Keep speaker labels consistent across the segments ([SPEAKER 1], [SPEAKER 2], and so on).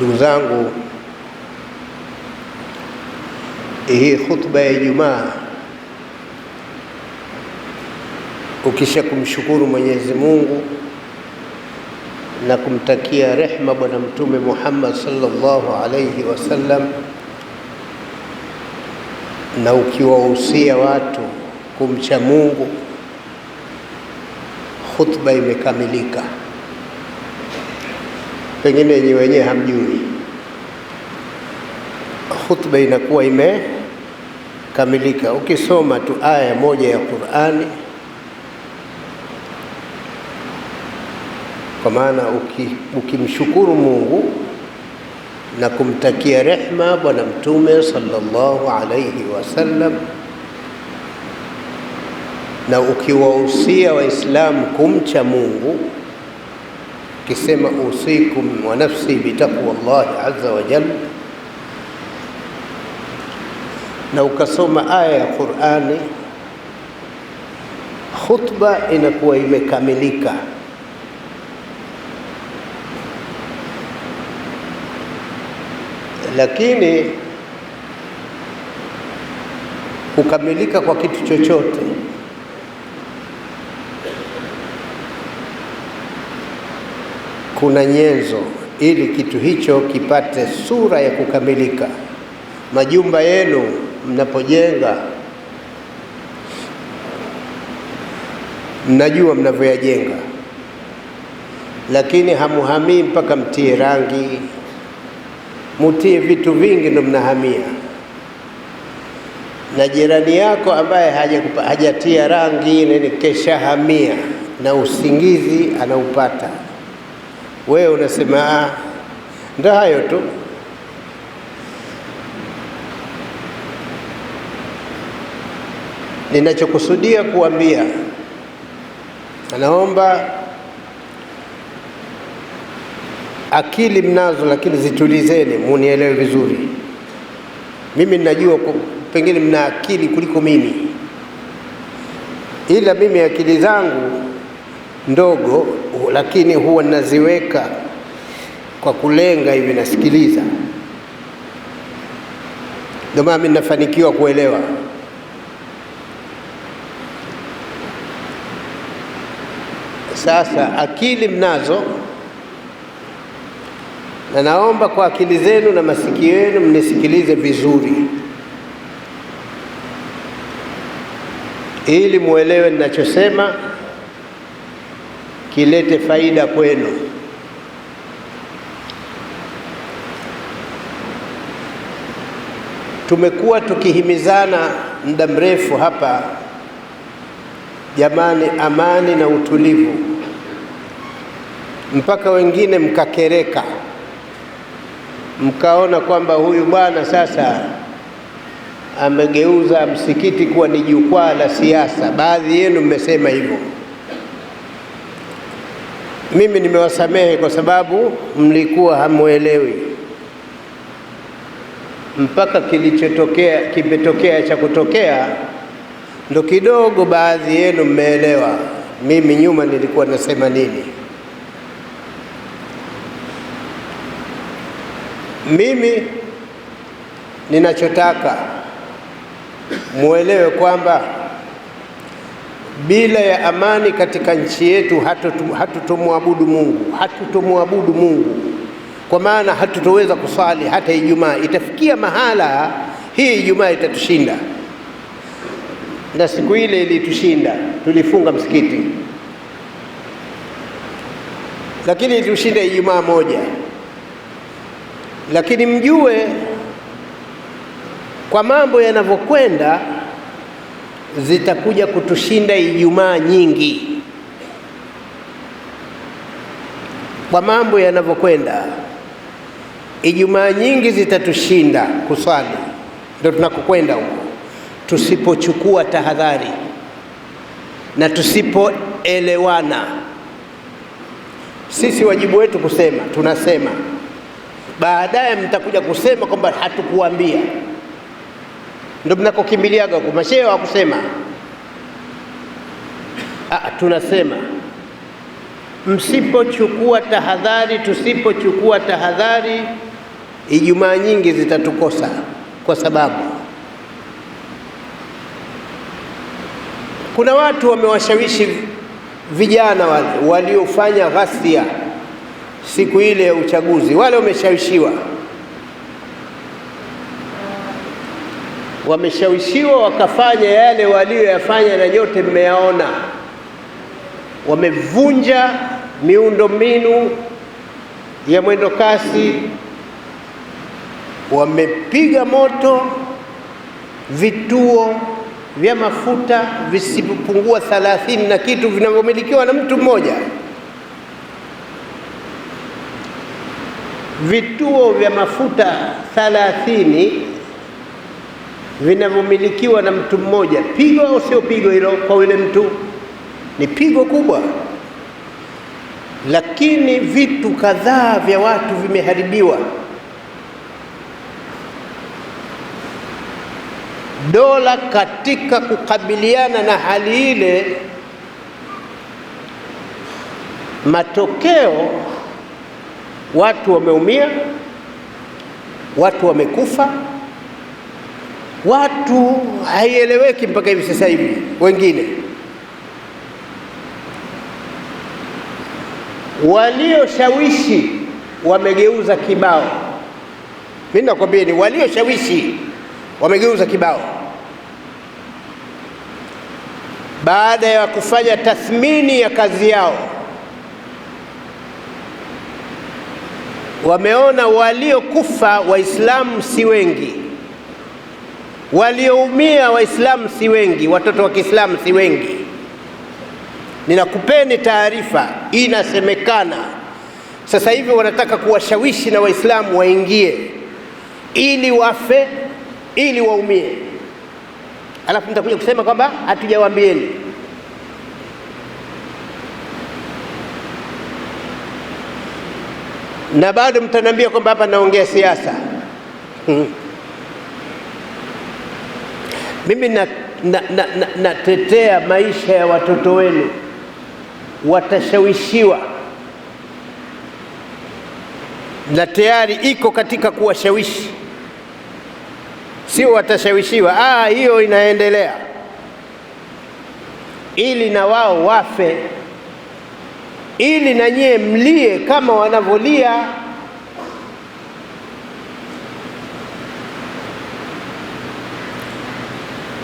[SPEAKER 1] Ndugu zangu, hii khutba ya Ijumaa, ukisha kumshukuru Mwenyezi Mungu na kumtakia rehma Bwana Mtume Muhammad sallallahu alayhi wasallam, na ukiwahusia watu kumcha Mungu, khutba imekamilika pengine yenye wenyewe hamjui, khutba inakuwa imekamilika. Ukisoma tu aya moja ya Qur'ani, kwa maana ukimshukuru uki Mungu na kumtakia rehma Bwana Mtume sallallahu alayhi wasallam na ukiwahusia Waislamu kumcha Mungu akisema usikum wa nafsi bitaqwa Allah azza wa na ukasoma aya ya Qur'ani, khutba inakuwa imekamilika. Lakini kukamilika kwa kitu chochote kuna nyenzo ili kitu hicho kipate sura ya kukamilika. Majumba yenu mnapojenga, mnajua mnavyoyajenga, lakini hamuhamii mpaka mtie rangi, mutie vitu vingi, ndo mnahamia. Na jirani yako ambaye hajatia rangi nini, hamia na usingizi anaupata wewe unasema ah, ndo hayo tu. Ninachokusudia kuambia, naomba akili mnazo, lakini zitulizeni, munielewe vizuri. Mimi ninajua pengine mna akili kuliko mimi, ila mimi akili zangu ndogo, lakini huwa naziweka kwa kulenga hivi, nasikiliza. Ndio maana mimi nafanikiwa kuelewa. Sasa akili mnazo, na naomba kwa akili zenu na masikio yenu mnisikilize vizuri, ili muelewe ninachosema kilete faida kwenu. Tumekuwa tukihimizana muda mrefu hapa jamani, amani na utulivu, mpaka wengine mkakereka, mkaona kwamba huyu bwana sasa amegeuza msikiti kuwa ni jukwaa la siasa. Baadhi yenu mmesema hivyo. Mimi nimewasamehe kwa sababu mlikuwa hamwelewi mpaka kilichotokea kimetokea cha kutokea, ndo kidogo baadhi yenu mmeelewa mimi nyuma nilikuwa nasema nini. Mimi ninachotaka muelewe kwamba bila ya amani katika nchi yetu hatutomwabudu Mungu, hatutomwabudu Mungu kwa maana hatutoweza kusali hata Ijumaa. Itafikia mahala hii Ijumaa itatushinda, na siku ile ilitushinda, tulifunga msikiti, lakini ilitushinda Ijumaa moja. Lakini mjue kwa mambo yanavyokwenda zitakuja kutushinda Ijumaa nyingi kwa mambo yanavyokwenda, Ijumaa nyingi zitatushinda kuswali, ndio tunakokwenda huko, tusipochukua tahadhari na tusipoelewana. Sisi wajibu wetu kusema, tunasema. Baadaye mtakuja kusema kwamba hatukuambia. Ndio mnakokimbiliaga huko. Mashehe ah, tunasema msipochukua tahadhari, tusipochukua tahadhari, Ijumaa nyingi zitatukosa kwa sababu kuna watu wamewashawishi vijana waliofanya ghasia siku ile ya uchaguzi, wale wameshawishiwa wameshawishiwa wakafanya yale waliyoyafanya, na nyote mmeyaona. Wamevunja miundombinu ya mwendo kasi, wamepiga moto vituo vya mafuta visivyopungua thalathini na kitu vinavyomilikiwa na mtu mmoja. Vituo vya mafuta thalathini vinavyomilikiwa na mtu mmoja. Pigo au sio pigo hilo kwa yule mtu? Ni pigo kubwa, lakini vitu kadhaa vya watu vimeharibiwa. Dola katika kukabiliana na hali ile, matokeo watu wameumia, watu wamekufa watu haieleweki mpaka hivi sasa hivi. Wengine walioshawishi wamegeuza kibao, mimi nakwambia ni walioshawishi wamegeuza kibao. Baada ya kufanya tathmini ya kazi yao, wameona waliokufa Waislamu si wengi Walioumia Waislamu si wengi, watoto wa Kiislamu si wengi. Ninakupeni taarifa, inasemekana sasa hivi wanataka kuwashawishi na Waislamu waingie ili wafe ili waumie, alafu nitakuja kusema kwamba hatujawaambieni. Na bado mtaniambia kwamba hapa naongea siasa. Hmm. Mimi natetea na, na, na maisha ya watoto wenu, watashawishiwa na tayari iko katika kuwashawishi, sio watashawishiwa. Ah, hiyo inaendelea ili na wao wafe, ili na nyie mlie kama wanavyolia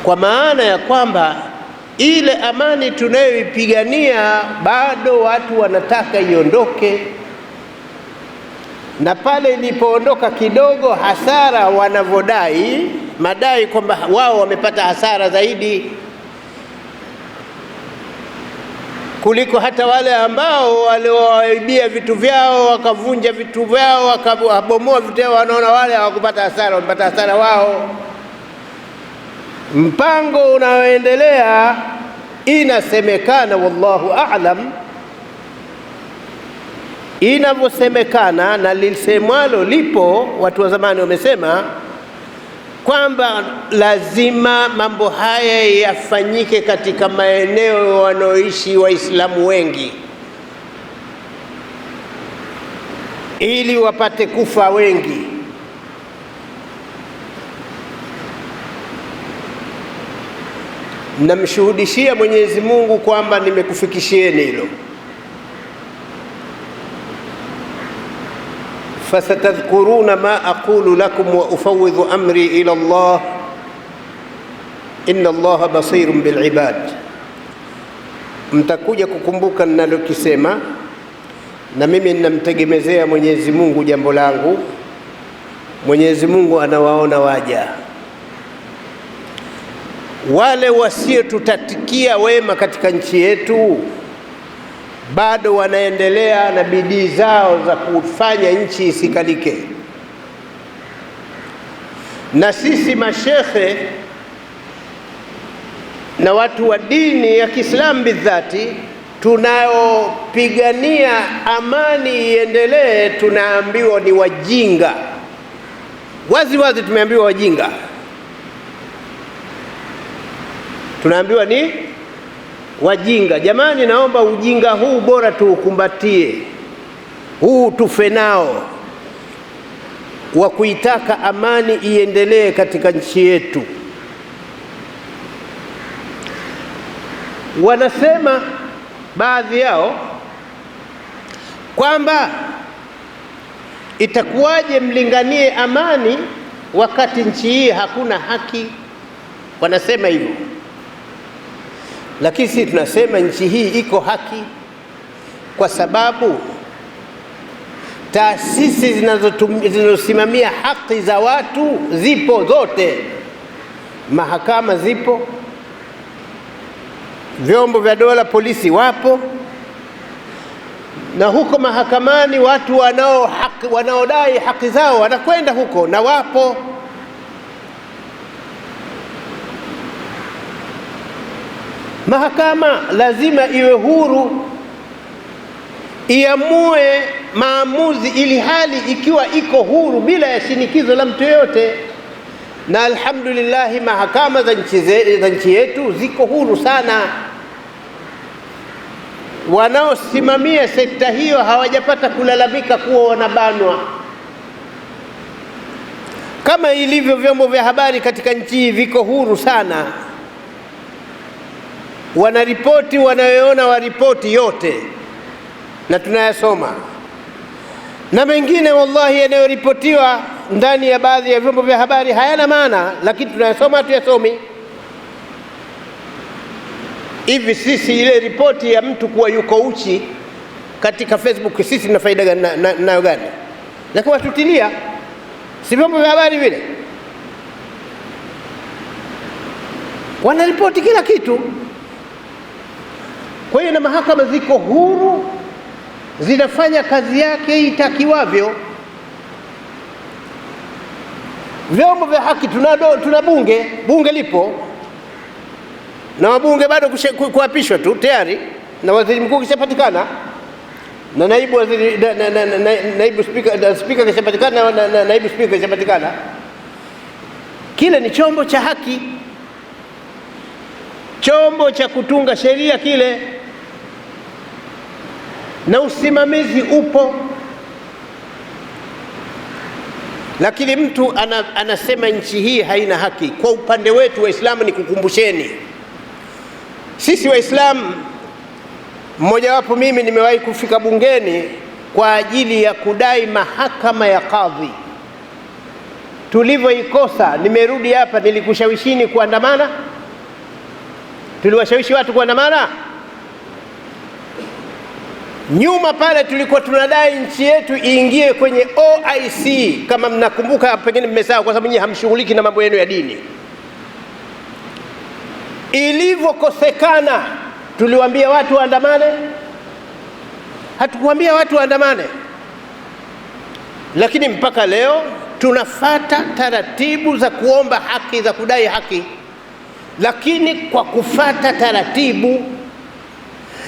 [SPEAKER 1] kwa maana ya kwamba ile amani tunayoipigania bado watu wanataka iondoke, na pale ilipoondoka kidogo, hasara wanavyodai madai kwamba wao wamepata hasara zaidi kuliko hata wale ambao waliwaibia vitu vyao wakavunja vitu vyao wakabomoa vitu vyao, wanaona wale hawakupata hasara, wamepata hasara wao. Mpango unaoendelea inasemekana, wallahu a'lam, inavyosemekana na lisemwalo lipo, watu wa zamani wamesema kwamba lazima mambo haya yafanyike katika maeneo wanaoishi Waislamu wengi ili wapate kufa wengi namshuhudishia Mwenyezi Mungu kwamba nimekufikishieni hilo. fasatadhkuruna ma aqulu lakum wa ufawidhu amri ila Allah inna Allah basirun bil ibad, mtakuja kukumbuka ninalokisema, na mimi ninamtegemezea Mwenyezi Mungu jambo langu. Mwenyezi Mungu anawaona waja wale wasiotutatikia wema katika nchi yetu bado wanaendelea na bidii zao za kufanya nchi isikalike. Na sisi mashekhe na watu wa dini ya Kiislamu bidhati tunaopigania amani iendelee, tunaambiwa ni wajinga. Wazi wazi tumeambiwa wajinga. tunaambiwa ni wajinga. Jamani, naomba ujinga huu bora tuukumbatie, huu tufe nao, wa kuitaka amani iendelee katika nchi yetu. Wanasema baadhi yao kwamba itakuwaje mlinganie amani wakati nchi hii hakuna haki. Wanasema hivyo. Lakini sisi tunasema nchi hii iko haki, kwa sababu taasisi zinazosimamia haki za watu zipo zote, mahakama zipo, vyombo vya dola, polisi wapo, na huko mahakamani watu haki, wanaodai haki zao wanakwenda huko na wapo. Mahakama lazima iwe huru iamue maamuzi, ili hali ikiwa iko huru bila ya shinikizo la mtu yoyote. Na alhamdulillahi mahakama za nchi yetu ziko huru sana, wanaosimamia sekta hiyo hawajapata kulalamika kuwa wanabanwa kama ilivyo vyombo vya habari katika nchi hii, viko huru sana wanaripoti wanayoona, waripoti yote na tunayasoma, na mengine wallahi, yanayoripotiwa ndani ya baadhi ya vyombo vya habari hayana maana, lakini tunayasoma, hatuyasomi. Hivi sisi ile ripoti ya mtu kuwa yuko uchi katika Facebook, sisi na faida gani nayo gani? Lakini watutilia, si vyombo vya habari vile wanaripoti kila kitu. Kwa hiyo na mahakama ziko huru, zinafanya kazi yake itakiwavyo. Vyombo vya haki tuna, tuna bunge, bunge lipo na wabunge bado kuapishwa tu tayari, na waziri mkuu kishapatikana na naibu waziri na, na, na, na, naibu spika spika kishapatikana na, na, na, naibu spika kishapatikana. Kile ni chombo cha haki, chombo cha kutunga sheria kile na usimamizi upo, lakini mtu ana, anasema nchi hii haina haki. Kwa upande wetu Waislamu ni kukumbusheni sisi Waislamu, mmojawapo mimi nimewahi kufika bungeni kwa ajili ya kudai mahakama ya kadhi. Tulivyoikosa nimerudi hapa, nilikushawishini kuandamana, tuliwashawishi watu kuandamana Nyuma pale tulikuwa tunadai nchi yetu iingie kwenye OIC, kama mnakumbuka, pengine mmesahau kwa sababu nyinyi hamshughuliki na mambo yenu ya dini. Ilivyokosekana tuliwaambia watu waandamane, hatukuambia watu waandamane, lakini mpaka leo tunafata taratibu za kuomba haki, za kudai haki, lakini kwa kufata taratibu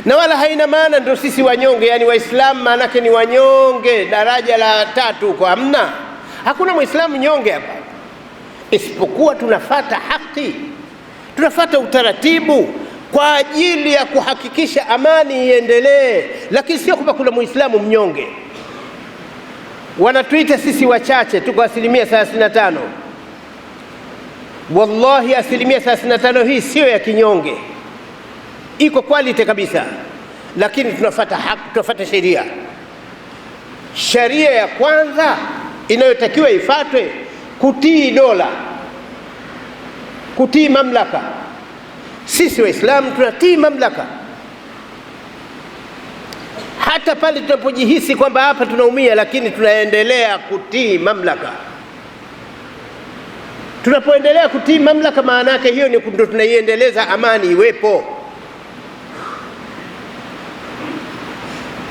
[SPEAKER 1] na wala haina maana ndio sisi wanyonge, yani Waislamu maanake ni wanyonge daraja la tatu huko. Hamna, hakuna mwislamu nyonge hapa, isipokuwa tunafata haki, tunafata utaratibu kwa ajili ya kuhakikisha amani iendelee, lakini sio kwamba kuna mwislamu mnyonge. Wanatuita sisi wachache, tuko asilimia 35. Wallahi, asilimia 35 hii siyo ya kinyonge iko quality kabisa, lakini tunafuata haki, tunafuata sheria. Sheria ya kwanza inayotakiwa ifatwe kutii dola, kutii mamlaka. Sisi Waislamu tunatii mamlaka hata pale tunapojihisi kwamba hapa tunaumia, lakini tunaendelea kutii mamlaka. Tunapoendelea kutii mamlaka, maana yake hiyo ndio tunaiendeleza amani iwepo.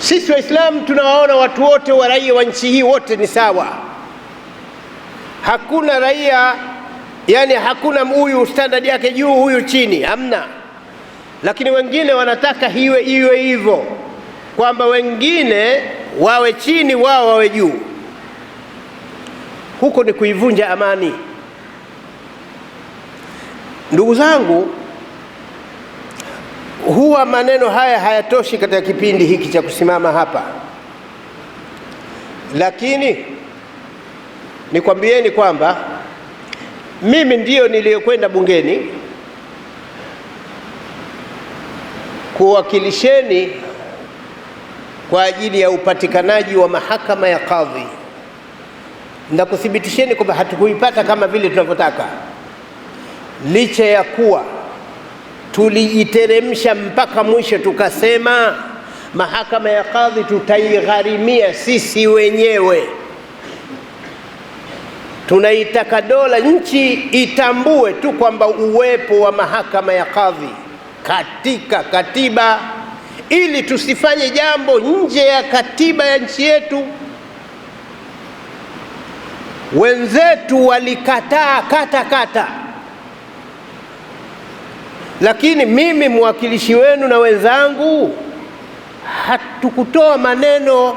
[SPEAKER 1] Sisi Waislamu tunawaona watu wote wa raia wa nchi hii wote ni sawa, hakuna raia yani, hakuna huyu standard yake juu huyu chini, hamna. Lakini wengine wanataka hiwe iwe hivyo kwamba wengine wawe chini wao wawe juu. Huko ni kuivunja amani, ndugu zangu huwa maneno haya hayatoshi katika kipindi hiki cha kusimama hapa, lakini nikwambieni kwamba mimi ndiyo niliyokwenda bungeni kuwakilisheni kwa ajili ya upatikanaji wa mahakama ya kadhi na kuthibitisheni kwamba hatukuipata kama vile tunavyotaka licha ya kuwa tuliiteremsha mpaka mwisho, tukasema mahakama ya kadhi tutaigharimia sisi wenyewe. Tunaitaka dola, nchi itambue tu kwamba uwepo wa mahakama ya kadhi katika katiba, ili tusifanye jambo nje ya katiba ya nchi yetu. Wenzetu walikataa kata kata lakini mimi mwakilishi wenu na wenzangu, hatukutoa maneno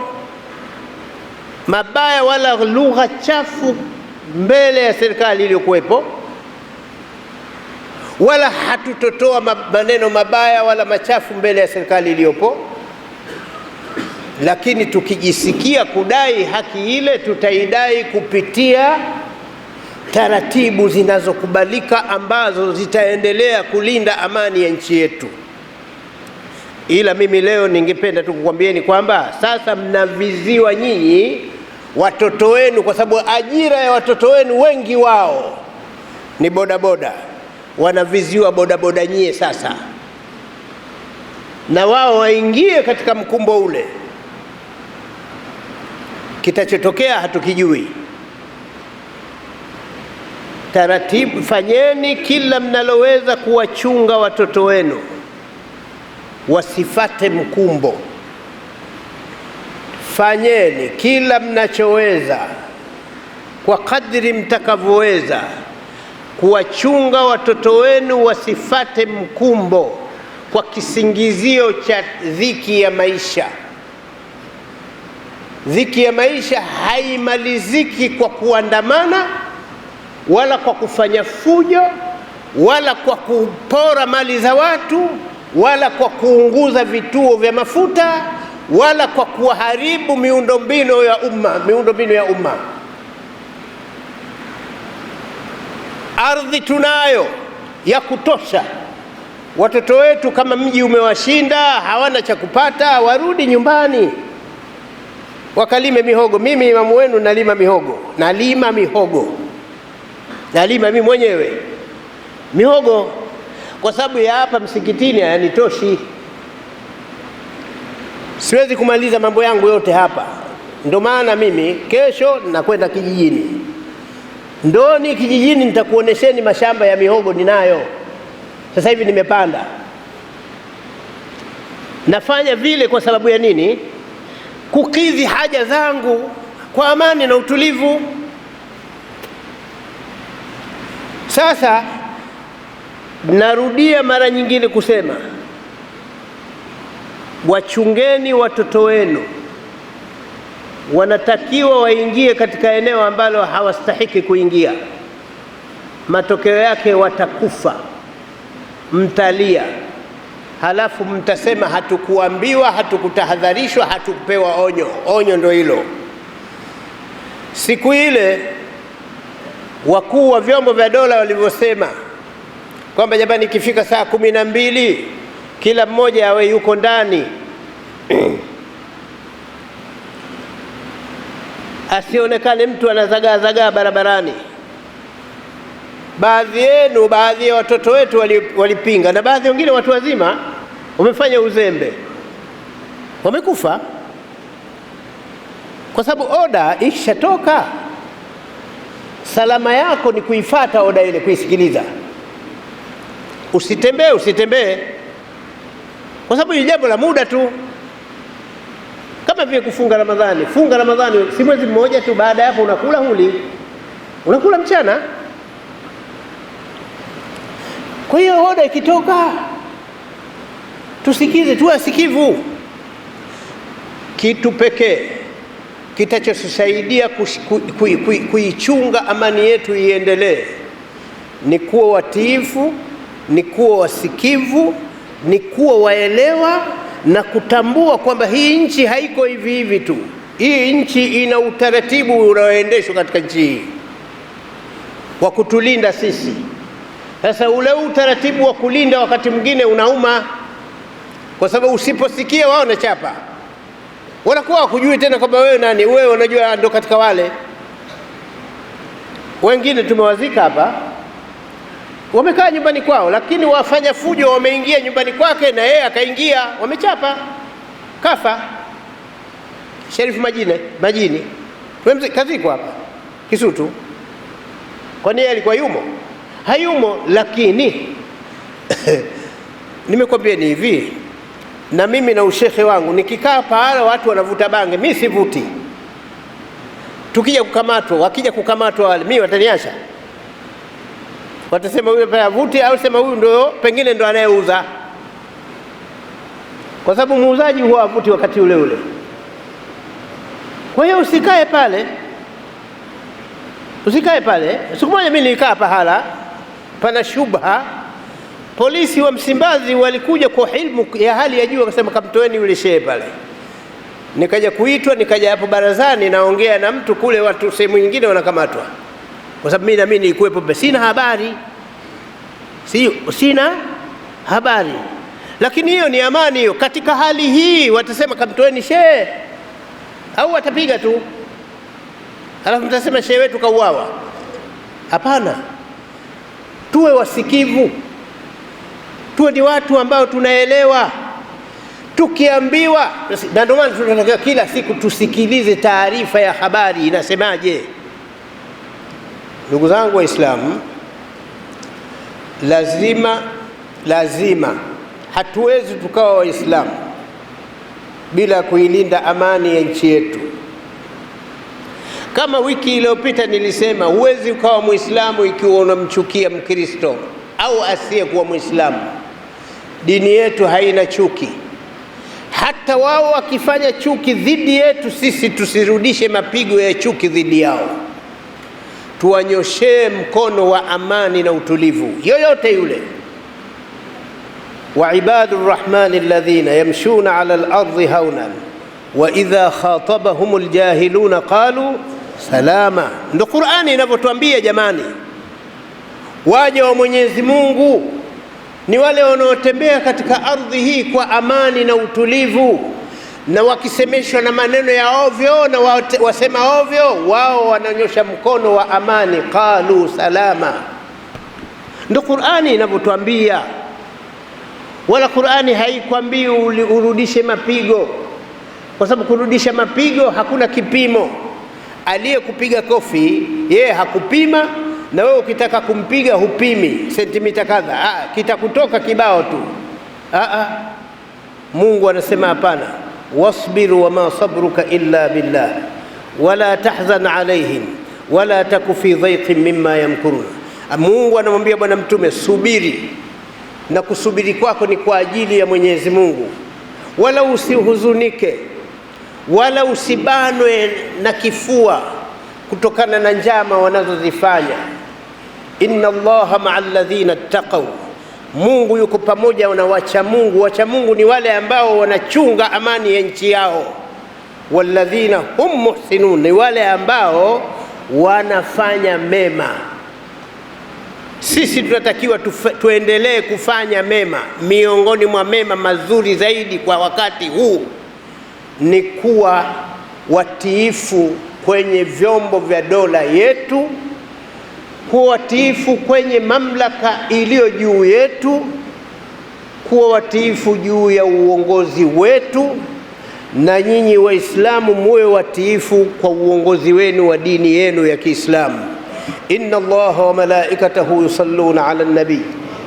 [SPEAKER 1] mabaya wala lugha chafu mbele ya serikali iliyokuwepo, wala hatutotoa maneno mabaya wala machafu mbele ya serikali iliyopo. Lakini tukijisikia kudai haki ile, tutaidai kupitia taratibu zinazokubalika ambazo zitaendelea kulinda amani ya nchi yetu. Ila mimi leo ningependa tu kukwambieni kwamba sasa mnaviziwa nyinyi watoto wenu, kwa sababu ajira ya watoto wenu wengi wao ni bodaboda, wanaviziwa bodaboda nyie sasa, na wao waingie katika mkumbo ule. Kitachotokea hatukijui taratibu, fanyeni kila mnaloweza kuwachunga watoto wenu wasifate mkumbo. Fanyeni kila mnachoweza kwa kadri mtakavyoweza kuwachunga watoto wenu wasifate mkumbo kwa kisingizio cha dhiki ya maisha. Dhiki ya maisha haimaliziki kwa kuandamana wala kwa kufanya fujo wala kwa kupora mali za watu wala kwa kuunguza vituo vya mafuta wala kwa kuharibu miundombinu ya umma, miundombinu ya umma. Ardhi tunayo ya kutosha. Watoto wetu kama mji umewashinda, hawana cha kupata, warudi nyumbani wakalime mihogo. Mimi imamu wenu nalima mihogo, nalima mihogo nalima mimi mwenyewe mihogo kwa sababu ya hapa msikitini hayanitoshi. Siwezi kumaliza mambo yangu yote hapa, ndio maana mimi kesho nakwenda kijijini Ndoni kijijini, nitakuonesheni mashamba ya mihogo ninayo sasa hivi, nimepanda. Nafanya vile kwa sababu ya nini? Kukidhi haja zangu kwa amani na utulivu. Sasa narudia mara nyingine kusema wachungeni watoto wenu, wanatakiwa waingie katika eneo ambalo hawastahiki kuingia. Matokeo yake watakufa, mtalia, halafu mtasema hatukuambiwa, hatukutahadharishwa, hatukupewa onyo. Onyo ndo hilo siku ile wakuu wa vyombo vya dola walivyosema kwamba jamani, ikifika saa kumi na mbili kila mmoja awe yuko ndani asionekane mtu anazagaazagaa barabarani. Baadhi yenu, baadhi ya watoto wetu walipinga, na baadhi wengine watu wazima wamefanya uzembe, wamekufa kwa sababu oda ishatoka. Salama yako ni kuifata oda ile, kuisikiliza. Usitembee, usitembee kwa sababu ni jambo la muda tu, kama vile kufunga Ramadhani. Funga Ramadhani si mwezi mmoja tu, baada ya hapo unakula huli, unakula mchana. Kwa hiyo oda ikitoka tusikize, tuwe asikivu. Kitu pekee kitachosaidia kuichunga amani yetu iendelee ni kuwa watiifu, ni kuwa wasikivu, ni kuwa waelewa na kutambua kwamba hii nchi haiko hivi hivi tu. Hii nchi ina utaratibu unaoendeshwa katika nchi hii wa kutulinda sisi. Sasa ule utaratibu wa kulinda wakati mwingine unauma, kwa sababu usiposikia wao na chapa wanakuwa wakujui tena kwamba wewe nani. Wewe unajua ndo katika wale wengine tumewazika hapa, wamekaa nyumbani kwao, lakini wafanya fujo wameingia nyumbani kwake na yeye akaingia, wamechapa kafa. Sherifu Majine, Majini kazikwa hapa Kisutu. Kwani yeye alikuwa yumo? Hayumo, lakini nimekwambia ni hivi na mimi na ushehe wangu nikikaa pahala watu wanavuta bange, mi sivuti. Tukija kukamatwa, wakija kukamatwa wale, mi wataniacha, watasema yule pale avuti, au sema huyu ndio pengine ndo anayeuza, kwa sababu muuzaji huwa avuti wakati ule ule. Kwa hiyo usikae pale, usikae pale. Siku moja mi nilikaa pahala pana shubha Polisi wa Msimbazi walikuja kwa hilmu ya hali ya juu, wakasema kamtoeni yule shehe pale. Nikaja kuitwa, nikaja hapo barazani, naongea na mtu kule, watu sehemu nyingine wanakamatwa, kwa sababu mimi na mimi nilikuwepo, sina habari si, sina habari. Lakini hiyo ni amani hiyo. Katika hali hii watasema kamtoeni shehe au watapiga tu, alafu mtasema shehe wetu kauawa? Hapana, tuwe wasikivu tuwe ni watu ambao tunaelewa tukiambiwa, na ndio maana tunatakiwa kila siku tusikilize taarifa ya habari inasemaje. Ndugu zangu Waislamu, lazima lazima, hatuwezi tukawa Waislamu bila kuilinda amani ya nchi yetu. Kama wiki iliyopita nilisema, huwezi ukawa Muislamu ikiwa unamchukia Mkristo au asiyekuwa Muislamu. Dini yetu haina chuki. Hata wao wakifanya chuki dhidi yetu sisi, tusirudishe mapigo ya chuki dhidi yao, tuwanyoshee mkono wa amani na utulivu, yoyote yule. wa ibadu rrahmani alladhina yamshuna ala lardhi hauna haunan wa idha khatabahum ljahiluna qalu salama. Ndo Qur'ani inavyotuambia jamani, waja wa Mwenyezi Mungu ni wale wanaotembea katika ardhi hii kwa amani na utulivu, na wakisemeshwa na maneno ya ovyo na wasema ovyo, wao wananyosha mkono wa amani, qalu salama. Ndo Qur'ani inavyotuambia, wala Qur'ani haikwambii urudishe mapigo, kwa sababu kurudisha mapigo hakuna kipimo. Aliyekupiga kofi yeye hakupima na wewe ukitaka kumpiga hupimi sentimita kadha, ah, kitakutoka kibao tu. Ah, ah. Mungu anasema hapana, wasbiru wama sabruka illa billah wala tahzan alaihim wala taku fi dhaiqin mimma yamkurun. Mungu anamwambia Bwana Mtume, subiri na kusubiri kwako ni kwa ajili ya Mwenyezi Mungu, wala usihuzunike wala usibanwe na kifua kutokana na njama wanazozifanya inna allaha maa ladhina ttaqau, Mungu yuko pamoja na wacha Mungu. Wacha Mungu ni wale ambao wanachunga amani ya nchi yao. waladhina hum muhsinun, ni wale ambao wanafanya mema. Sisi tunatakiwa tuendelee kufanya mema. Miongoni mwa mema mazuri zaidi kwa wakati huu ni kuwa watiifu kwenye vyombo vya dola yetu kuwa watiifu kwenye mamlaka iliyo juu yetu, kuwa watiifu juu ya uongozi wetu. Na nyinyi Waislamu muwe watiifu kwa uongozi wenu wa dini yenu ya Kiislamu. inna Allaha wa malaikatahu yusalluna ala nabii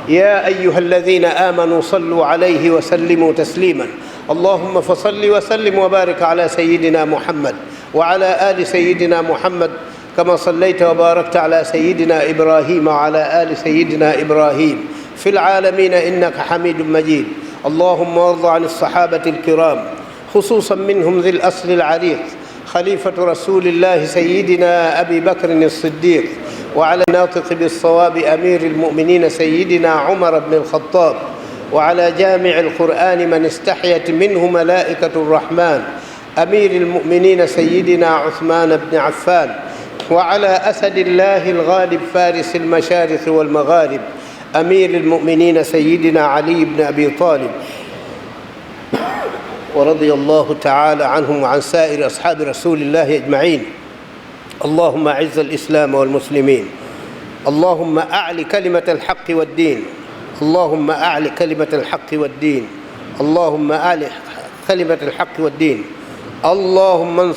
[SPEAKER 1] ya ayuha alladhina amanu sallu alayhi wa sallimu tasliman allahumma fasalli wa sallim wa barik ala sayidina Muhammad wa ala ali sayidina Muhammad كما صليت وباركت على سيدنا إبراهيم وعلى آل سيدنا إبراهيم في العالمين إنك حميد مجيد اللهم وارض عن الصحابة الكرام خصوصا منهم ذي الأصل العريق خليفة رسول الله سيدنا أبي بكر الصديق وعلى ناطق بالصواب أمير المؤمنين سيدنا عمر بن الخطاب وعلى جامع القرآن من استحيت منه ملائكة الرحمن أمير المؤمنين سيدنا عثمان بن عفان وعلى أسد الله الغالب فارس المشارق والمغارب أمير المؤمنين سيدنا علي بن أبي طالب ورضي الله تعالى عنهم وعن سائر أصحاب رسول الله أجمعين اللهم أعز الإسلام والمسلمين اللهم أعل كلمة الحق والدين اللهم أعل كلمة الحق والدين اللهم أعل كلمة الحق والدين اللهم